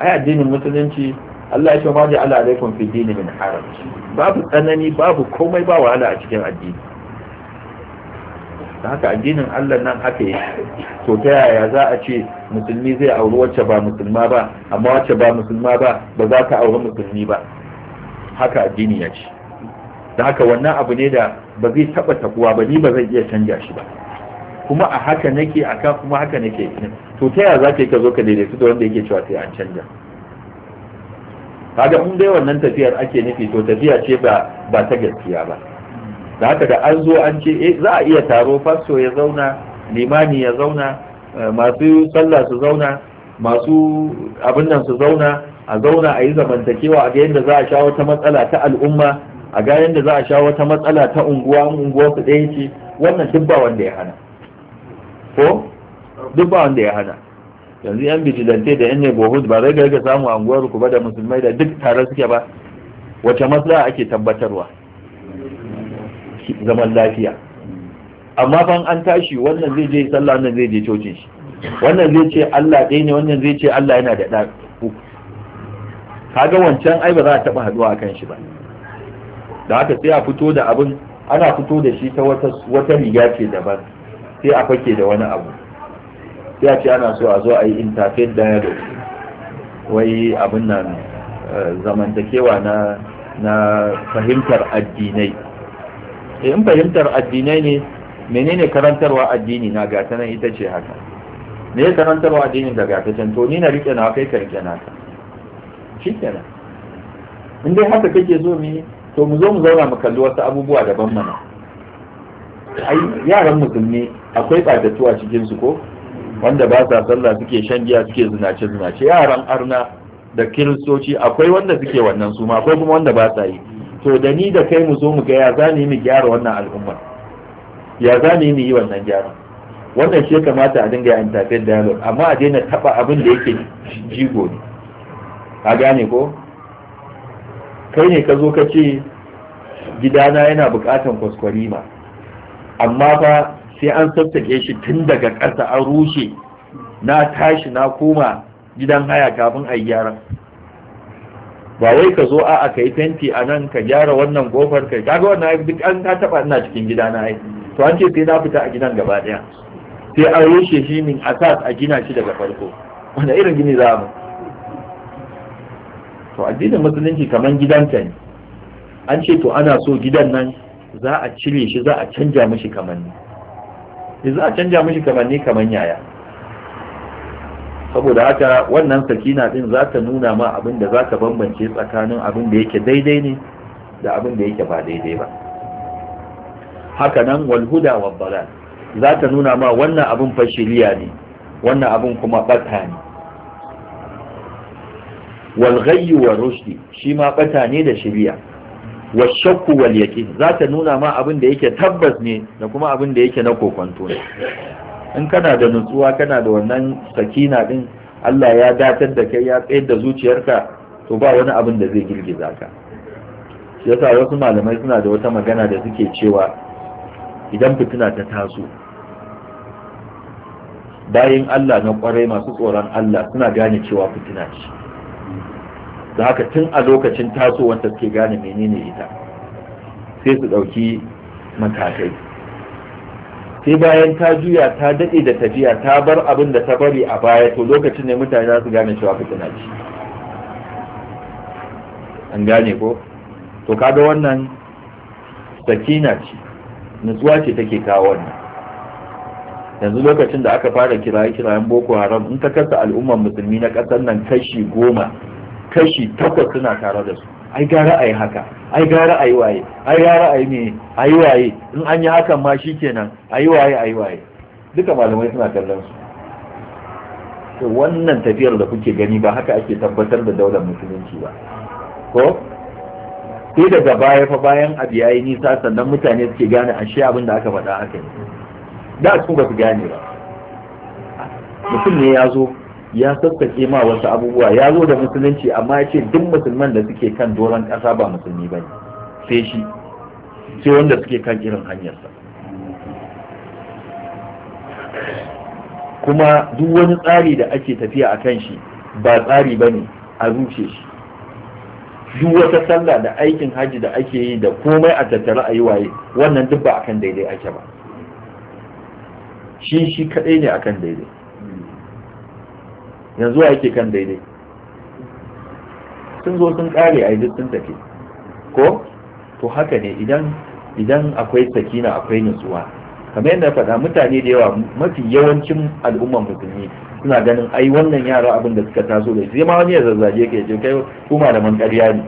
ai addinin musulunci Allah ya ce ma ja'ala alaikum fi dini min haraj babu tsanani babu komai ba wahala a cikin addini da haka addinin Allah nan haka yi to ta yaya za a ce musulmi zai auri wacce ba musulma ba amma wacce ba musulma ba ba za ta auri musulmi ba haka addini ya ce da haka wannan abu ne da ba zai taba takuwa ba ni ba zai iya canja shi ba kuma a haka nake kan kuma haka nake to ta yaya za ka yi ka zo ka daidaitu da wanda yake cewa sai an canja kaga mun dai wannan tafiyar ake nufi to tafiya ce ba ba ta gaskiya ba da haka da an zo an ce eh, za a iya taro fasto ya zauna limani ya zauna eh, masu sallah su zauna masu abin nan su zauna a zauna a yi zamantakewa a ga yadda za a sha wata matsala ta al'umma a ga yadda za a sha wata matsala ta unguwa unguwa su ɗaya ce wannan duk ba wanda ya hana ko duk ba wanda ya hana yanzu yan bijilante da yan neighborhood ba zai ga samu anguwar ku ba da musulmai da duk tare suke ba wace matsala ake tabbatarwa zaman lafiya amma fa an tashi wannan zai je sallah wannan zai je cocin shi wannan zai ce Allah ɗaya ne wannan zai ce Allah yana da ɗa kaga wancan ai ba za a taɓa haɗuwa akan shi ba da haka sai a fito da abin ana fito da shi ta wata riga ce daban sai a fake da wani abu sai a ce ana so a zo a yi interfaith dialogue wai abin nan eh, zamantakewa na na fahimtar addinai Eh, in fahimtar addinai ne menene karantarwa addini na gata nan ita ce haka me ya karantarwa addini da gata can to ni na rike na kai ka rike na ka shikenan in dai haka kake zo mu to mu zo mu zauna mu kalli wasu abubuwa daban mana ai yaran musulmi akwai ɓatatuwa cikin su ko wanda ba sa sallah suke shan giya suke zinace zinace yaran arna da kiristoci akwai wanda suke wannan su ma akwai kuma wanda ba sa yi to da ni da kai mu zo mu ga ya zane mu gyara wannan al'umma ya zane mu yi wannan gyara wannan shi kamata a dinga yin tafiyar dialogue amma a daina taba abin da yake jigo ne a gane ko kai ne ka zo ka ce gidana yana bukatan kwaskwari kwaskwarima amma fa sai an sassake shi tun daga ƙasa an rushe na tashi na koma gidan haya kafin a yi gyaran ba wai ka zo a ka yi fenti a nan ka gyara wannan gofar kai kaga wannan duk an ka taba ina cikin gida na ai to an ce sai na fita a gidan gaba daya sai an rushe shi min asas a gina shi daga farko wanda irin gini za mu to addinin musulunci kaman gidanta ne an ce to ana so gidan nan za a cire shi za a canja mishi kamanni za a canja mishi kamanni kaman yaya saboda haka wannan sakina din za ta nuna ma abin da za ka bambance tsakanin abin da yake daidai ne da abin da yake ba daidai ba haka nan walhuda wa balal za ta nuna ma wannan abin fashiliya ne wannan abin kuma bata ne walghayyu wa rushdi shi ma bata ne da shiriya wa shakku wal yaqin za ta nuna ma abin da yake tabbas ne da kuma abin da yake na kokonto ne in kana da nutsuwa kana da wannan sakina din Allah ya datar da kai ya tsayar da zuciyarka to ba wani abin da zai girgiza ka shi yasa wasu malamai suna da wata magana da suke cewa idan fitina ta taso bayan Allah na kwarai masu tsoron Allah suna gane cewa fitina ce da haka tun a lokacin tasowar ta suke gane menene ita sai su ɗauki matakai sai bayan ta juya ta daɗe da tafiya ta bar abin da ta bari a baya to lokacin ne mutane za su gane cewa fitina ce an gane ko to kaga wannan sakina ce nutsuwa ce take kawo wannan yanzu lokacin da aka fara kiraye kirayen boko haram in ka kasa al'ummar musulmi na ƙasar nan kashi goma kashi takwas suna tare da su ai gara ai haka ai gara ai waye ai gara ai me ai waye in an yi hakan ma shikenan ai waye ai waye duka malamai suna kallon su to wannan tafiyar da kuke gani ba haka ake tabbatar da daular musulunci ba ko sai daga baya fa bayan abu yayi nisa sannan mutane suke gane ashe abin da aka faɗa haka ne da su ba su gane ba mutum ne ya zo ya sassake ma wasu abubuwa ya zo da musulunci amma ya ce duk musulman da suke kan doron ƙasa ba musulmi ba ne sai shi sai wanda suke kan irin hanyarsa kuma duk wani tsari da ake tafiya a kan shi ba tsari ba ne a rushe shi duk wata sallah da aikin hajji da ake yi da komai a tattara a yi waye wannan duk ba akan daidai ake ba shi shi kaɗai ne akan daidai yanzu wa yake kan daidai sun zo sun kare a sun tafi ko to haka ne idan idan akwai sakina akwai nutsuwa kamar yadda faɗa mutane da yawa mafi yawancin al'umman musulmi suna ganin ai wannan yara abin da suka taso da sai ma wani ya zazzaje ka ce kai ku malaman ƙarya ne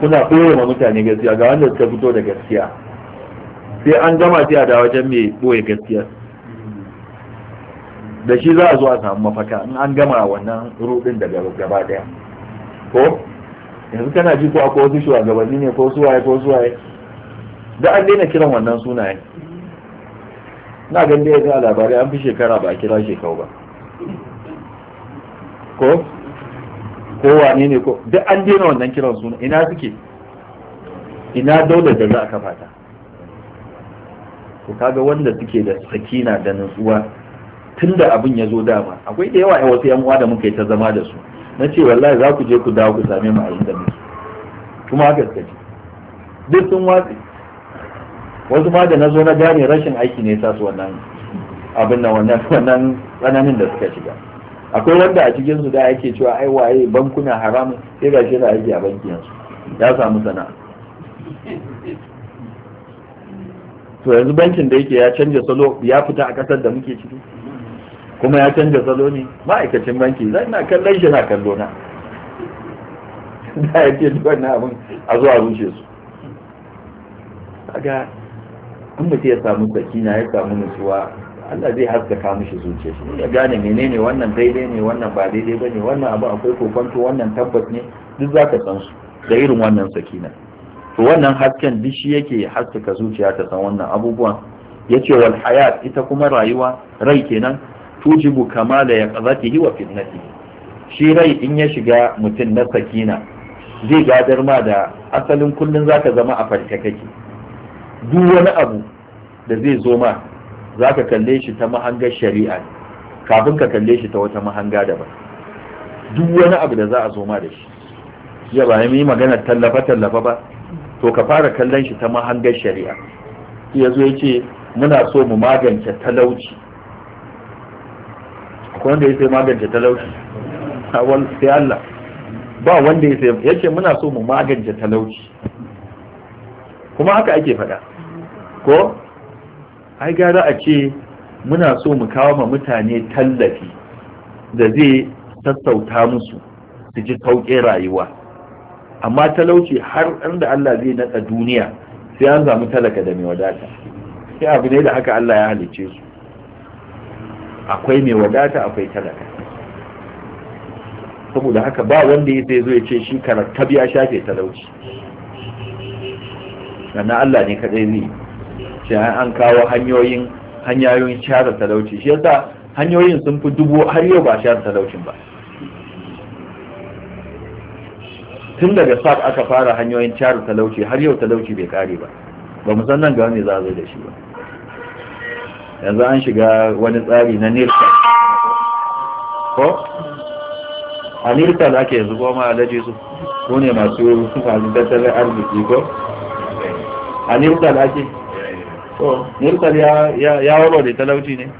kuna ɓoye ma mutane gaskiya ga wanda suka fito da gaskiya sai an gama sai a dawo wajen mai ɓoye gaskiya da shi za a zo a samu mafaka in an gama wannan rubin daga gaba daya ko yanzu kana ji ko akwai wasu shugabanni ne ko suwaye ko suwaye da an daina kiran wannan sunaye na gan da ya ga labarai an fi shekara ba a kira shekau ba ko ko wane ne ko da an daina wannan kiran suna ina suke ina daular da za a kafa ta to kaga wanda suke da sakina da nutsuwa tun da abin ya zo dama akwai da yawa wasu yan uwa da muka yi ta zama da su na ce wallahi za ku je ku dawo ku same mu a inda muke kuma haka ta ce duk sun watsi wasu ma da na zo na gane rashin aiki ne sa su wannan abin na wannan wannan tsananin da suka shiga akwai wanda a cikin su da ake cewa ai waye bankuna haramun sai ga shi da aiki a banki yanzu ya samu sana'a to yanzu bankin da yake ya canja salo ya fita a kasar da muke ciki kuma ya canja salo ne ma'aikacin banki zai na kallon shi na kallo na da ya ce duk wannan abin a zuwa rushe su kaga an mutu ya samu sakina ya samu nutsuwa Allah zai haskaka mishi zuciya shi ya gane menene wannan daidai ne wannan ba daidai bane wannan abu akwai kokonto wannan tabbas ne duk ka san su da irin wannan sakina to wannan hasken duk shi yake haskaka zuciya ta san wannan abubuwan yace wal hayat ita kuma rayuwa rai kenan tujibu kama da ya yi wa fitnati shi rai in ya shiga mutum na sakina zai gadar ma da asalin kullum za ka zama a farka kake duk wani abu da zai zo ma za ka kalle shi ta mahangar shari'a kafin ka kalle shi ta wata mahanga daban duk wani abu da za a zo ma da shi ya ba ya yi magana tallafa tallafa ba to ka fara kallon shi ta mahangar shari'a ya zo ya ce muna so mu magance talauci akwai wanda ya sai magance talauci sai Allah ba wanda ya sai yake muna so mu magance talauci kuma haka ake faɗa ko ai gara a ce muna so mu kawo ma mutane tallafi da zai sassauta musu su ji sauƙin rayuwa amma talauci har inda Allah zai naɗa duniya sai an zamu talaka da mai wadata sai abu ne da haka Allah ya halicce su akwai mai wadata akwai talaka saboda haka ba wanda ya zai zo ya ce shi karatta biya shafe talauci sannan Allah ne kadai zai shi an kawo hanyoyin hanyoyin share talauci shi yasa hanyoyin sun fi dubu har yau ba share talaucin ba tun daga sa aka fara hanyoyin share talauci har yau talauci bai kare ba ba mu san nan ga wani za a zo da shi ba yanzu an shiga wani tsari na nirka ko a nirka da ake yanzu goma alaji su ko ne masu masu tattalin arziki ko a nirka da ake ko nirka ya waro da talauci ne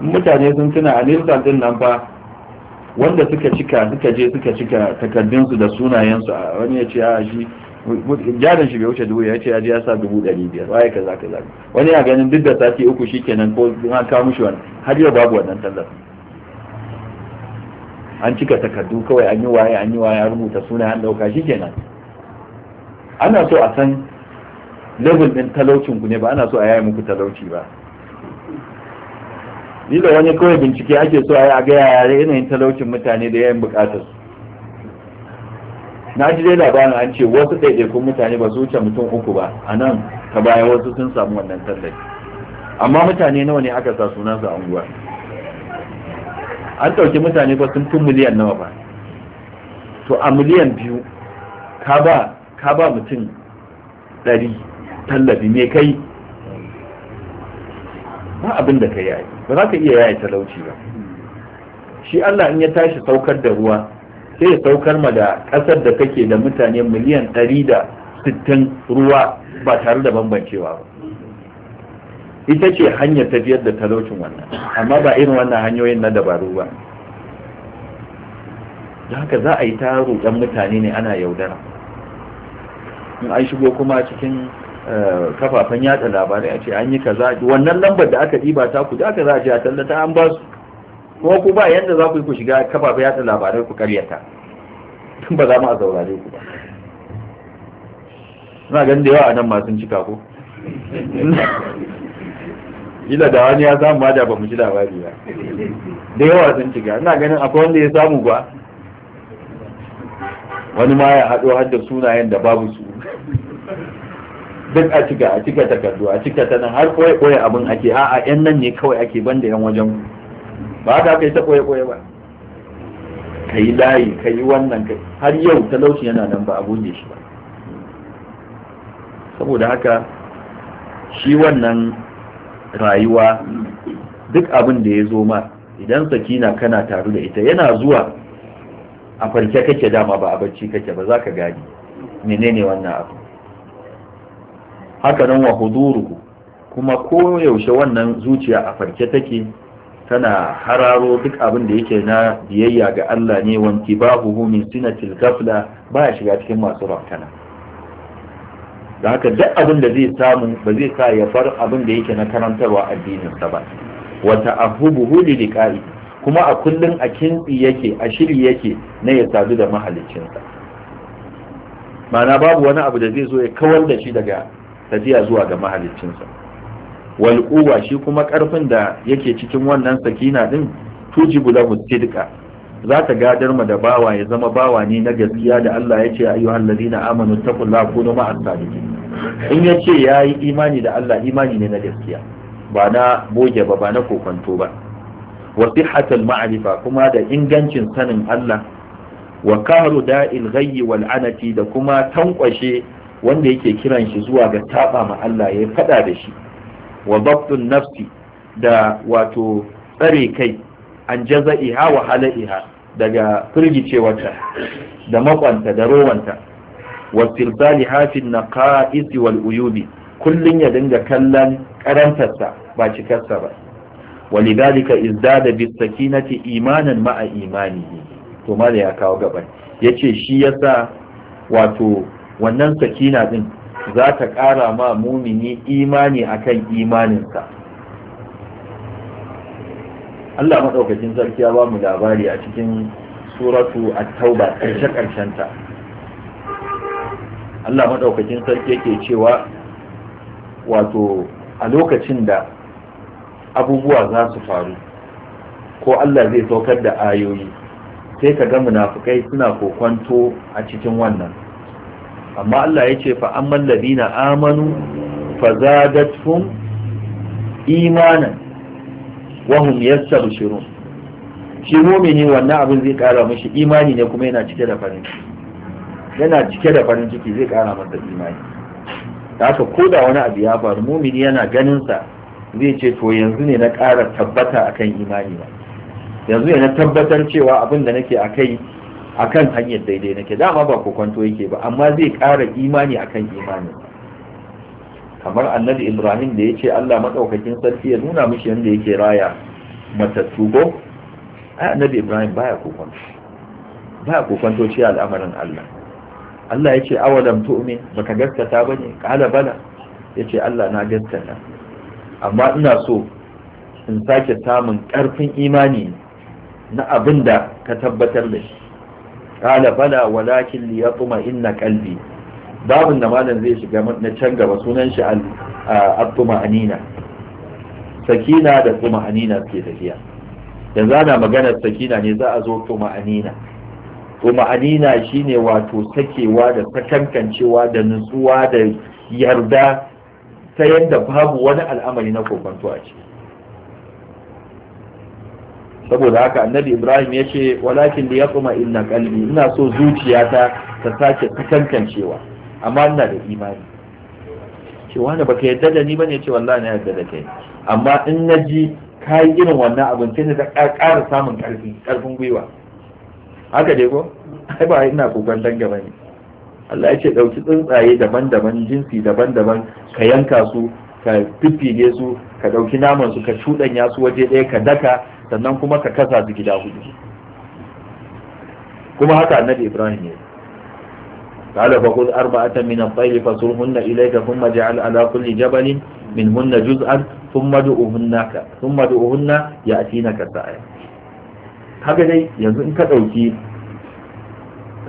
mutane sun tuna a nirka din nan fa wanda suka cika suka je suka cika takardinsu da sunayensu a wani ya ce a shi jarin shi bai wuce dubu ya ce ya je ya sa dubu ɗari biyar waye kaza kaza wani ya ganin duk da sati uku shi kenan ko ha kawo mushi wani har yau babu wannan tallar an cika takardu kawai an yi waye an yi waye an rubuta suna an ɗauka kenan ana so a san level ɗin talaucin ku ne ba ana so a yaya muku talauci ba ni da wani kawai bincike ake so a yi a ga yaya yanayin talaucin mutane da yayin bukatar su na ji dai labarin an ce wasu ɗaiɗaikun mutane ba su wuce mutum uku ba a nan ta baya wasu sun samu wannan tallafi amma mutane nawa ne aka sa suna su unguwa an ɗauki mutane ba sun fi miliyan nawa ba to a miliyan biyu ka ba ka ba mutum ɗari tallafi me kai ba abin da ka yi ba za ka iya yaya talauci ba shi Allah in ya tashi saukar da ruwa sai ya saukar ma da kasar da kake da mutane miliyan ɗari da sittin ruwa ba tare da bambancewa ba ita ce hanyar tafiyar da talaucin wannan amma ba irin wannan hanyoyin na dabaru ba da haka za a yi ta roƙon mutane ne ana yaudara in an shigo kuma cikin eh, kafafen yatsa labarai a ce an yi kaza wannan lambar da aka ɗiba ta ku da aka za a ce a tallata an ba su kuma ku ba yadda za ku yi ku shiga kafafe yatsa labarai ku karyata tun ba za mu a zaurare ku ba na ganin da yawa a nan masu cika ko ila da wani ya samu ma da ba mu ji labari ba da yawa sun cika ina ganin akwai wanda ya samu ba wani ma ya haɗo har da sunayen da babu su duk a cika a cika takardu a cika ta nan har koya koya abin ake a'a yan nan ne kawai ake banda yan wajen ku ba ka kai ta koye-koye ba ka yi layi ka yi wannan kai har yau talaucin yana nan ba a bunne shi ba saboda haka shi wannan rayuwa duk abin da ya zo ma idan sakina kana taru da ita yana zuwa a farke kake dama ba a bacci kake ba za ka gani menene wannan abu haka nan wa huduru kuma koyaushe wannan zuciya a farke take tana hararo duk abin da yake na biyayya ga Allah ne wanti babu min sinatil gafla ba ya shiga cikin masu raftana da haka duk abin da zai samu ba zai sa ya far abin da yake na karantarwa addinin sa ba wata ahubuhu liqa'i kuma a kullum a kintsi yake a shiri yake na ya sadu da mahaliccinsa ma'ana babu wani abu da zai zo ya kawar da shi daga tafiya zuwa ga mahaliccinsa walƙuwa shi kuma ƙarfin da yake cikin wannan sakina ɗin tujibu lahu sidka za ta gadar ma da bawa ya zama bawa ne na gaskiya da Allah ya ce ayyuhan ladina amanu taqullaha kunu ma'as sadiqin in ya ce yayi imani da Allah imani ne na gaskiya ba na boge ba ba na kokonto ba wa sihhatul ma'rifa kuma da ingancin sanin Allah wa kahru da'il ghayyi wal anati da kuma tankwashe wanda yake kiran shi zuwa ga taba ma Allah ya fada da shi wa dabtun nafsi da wato tsare kai an jaza'iha wa hala'iha daga firgicewarta da makwanta da rowanta wasu silsali hafin na ka'isi wal uyubi kullum ya dinga kallon karantarsa ba cikarsa ba walidalika izdada bis sakinati imanan ma'a imani? to da ya kawo gaban ce shi yasa wato wannan sakina din za ta ƙara ma mumini imani akan imaninsa Allah maɗaukacin sarki ya ba mu labari a cikin suratu a tauba ƙarshe ƙarshenta Allah maɗaukacin sarki yake cewa wato a lokacin da abubuwa za su faru ko Allah zai saukar da ayoyi sai ka ga munafukai suna kokwanto a cikin wannan amma Allah ya ce fa amman ladina amanu fa zadatkum imana wa hum yastabshirun shi mumini wannan abin zai kara mishi imani ne kuma yana cike da farin ciki yana cike da farin ciki zai kara masa imani da haka ko wani abu ya faru mumini yana ganin sa zai ce to yanzu ne na ƙara tabbata akan imani na yanzu ne na tabbatar cewa abin da nake akai akan hanyar daidai nake dama ba kokonto yake ba amma zai ƙara imani akan imani kamar annabi ibrahim da ya ce allah maɗaukakin sarki ya nuna mishi yadda yake raya matattu ko ai annabi ibrahim baya kokonto baya kokonto ce al'amarin allah allah ya ce awalam ba baka gaskata ba ne ƙala bala ya ce allah na gaskata amma ina so in sake samun ƙarfin imani na abin da ka tabbatar da shi qala bala walakin li yatma inna qalbi babun da malam zai shiga na can gaba sunan shi al-tuma anina sakina da tuma anina ke tafiya yanzu ana maganar sakina ne za a zo tuma anina tuma anina shine wato sakewa da sakankancewa da nutsuwa da yarda ta yadda babu wani al'amari na kokonto a ciki saboda haka annabi ibrahim ya ce walakin da ya kuma inna kalbi ina so zuciyata ta sake kankancewa amma ina da imani ce wani baka yadda da ni bane ce wallahi na yadda da kai amma in na ji ka yi irin wannan abin sai ta ƙara samun ƙarfi ƙarfin gwiwa haka dai ko ai ba ina kokon danga bane Allah ya ce ɗauki tsuntsaye daban-daban jinsi daban-daban ka yanka su ka fiffige su ka ɗauki naman su ka cuɗanya su waje ɗaya ka daka sannan kuma ka kasa su gida hudu kuma haka annabi ibrahim ya قال فخذ أربعة من الطير فصرهن إليك ثم جعل على كل جبل منهن جزءا ثم دعوهن ثم دعوهن يأتينك سعيا haka dai yanzu in ka ɗauki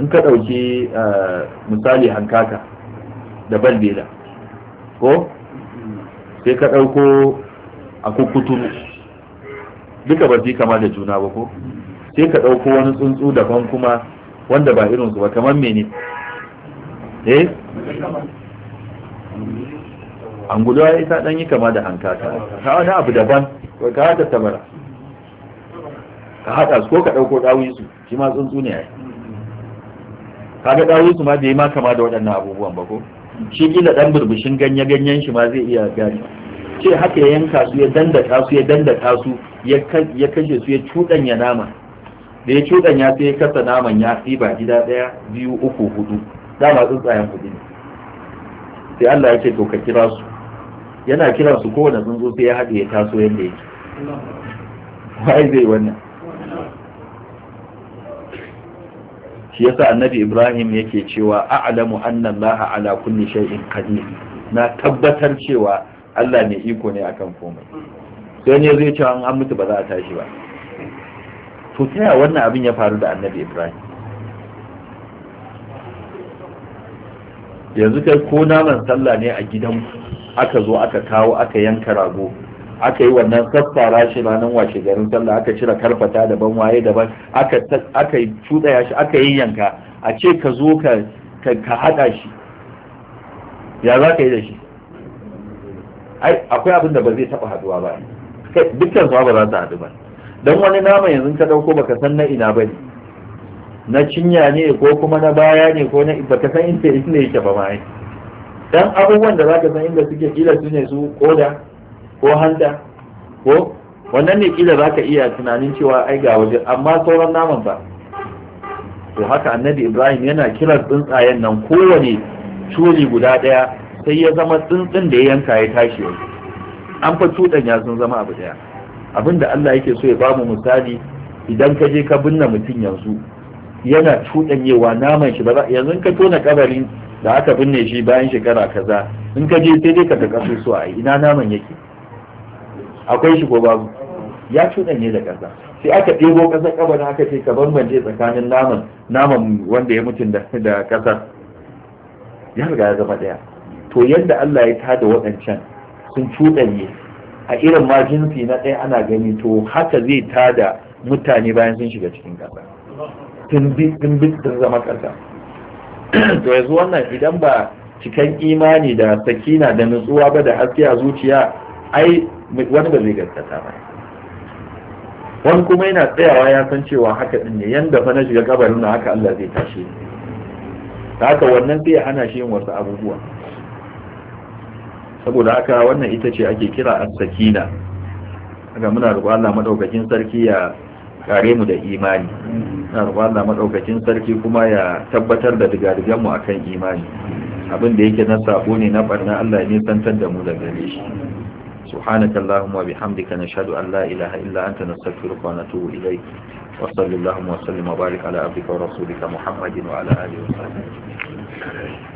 in ka ɗauki eh, misali hankaka da balbela ko sai ka ɗauko a duka ba kama da juna ba ko sai ka ɗauko wani tsuntsu daban kuma wanda ba irinsu ba kamar mene eh an guduwa ya ta ɗanyi kama da hankata ta wani abu daban ka haka tabara ka haɗa su ko ka ɗauko ɗawinsu, shi ma tsuntsu ne ka ga su ma bai ma kama da waɗannan abubuwan ba ko shi kila ɗan burbushin ganye ganyen shi ma zai iya gani ce haka ya yanka su ya dandata su ya dandata su ya kashe su ya cuɗanya nama da ya cuɗanya sai ya kasa naman ya ba gida ɗaya biyu uku hudu dama tsuntsayen hudu ne sai Allah ya ce to ka kira su yana kira su kowane tsuntsu sai ya haɗe ya taso yadda yake wai zai wannan shi yasa annabi Ibrahim yake cewa a'lamu anna Allah ala kulli shay'in qadir na tabbatar cewa Allah mai iko ne akan komai don ya zai cewa an mutu ba za a tashi ba to ta wannan abin ya faru da annabi ibrahim yanzu kai ko naman sallah ne a gidan aka zo aka kawo aka yanka rago aka yi wannan sassara shi ranar washe garin sallah aka cire karfata daban waye daban aka yi cuɗaya shi aka yi yanka a ce ka zo ka haɗa shi ya za ka yi da shi akwai abin da ba zai taɓa haɗuwa ba dukkan su ba za su haɗu ba don wani nama yanzu ka ɗauko baka san na ina ba ne na cinya ne ko kuma na baya ne ko na baka san inda inda yake ba mai dan abubuwan da zaka san inda suke kila su ne su koda ko hanta ko wannan ne kila zaka iya tunanin cewa ai ga waje amma sauran naman ba to haka annabi ibrahim yana kiran tsuntsayen nan kowane coli guda ɗaya sai ya zama tsuntsun da ya yanka ya tashi yanzu an fa cuɗanya sun zama abu ɗaya abinda Allah yake so ya bamu misali idan ka je ka binne mutum yanzu yana cuɗanyewa naman shi ba za yanzu ka tona kabarin da aka binne shi bayan shekara kaza in ka je sai dai ka ga a ina naman yake akwai shi ko babu ya cuɗanye da ƙasa sai aka ɗebo kasar kabarin aka ce ka bambance tsakanin naman naman wanda ya mutum da ƙasar ya riga ya zama ɗaya to yadda Allah ya tada waɗancan sun cuɗanye a irin ma jinsi na ɗaya ana gani to haka zai tada mutane bayan sun shiga cikin ƙasa tun bi zama ƙasa to yanzu wannan idan ba cikan imani da sakina da nutsuwa ba da haske a zuciya ai wani zai gaskata ba wani kuma yana tsayawa ya san cewa haka din ne yanda fa na shiga kabarin na haka Allah zai tashi haka wannan sai ya hana shi yin wasu abubuwa saboda haka wannan ita ce ake kira an sakina daga muna roƙon Allah madaukakin sarki ya kare mu da imani na roƙon Allah madaukakin sarki kuma ya tabbatar da digadigan mu akan imani abin da yake na sabo ne na barna Allah ne santar da mu da gare shi سبحانك اللهم وبحمدك نشهد أن لا إله إلا أنت نستغفرك ونتوب إليك وصل اللهم وسلم وبارك على عبدك ورسولك محمد وعلى آله وصحبه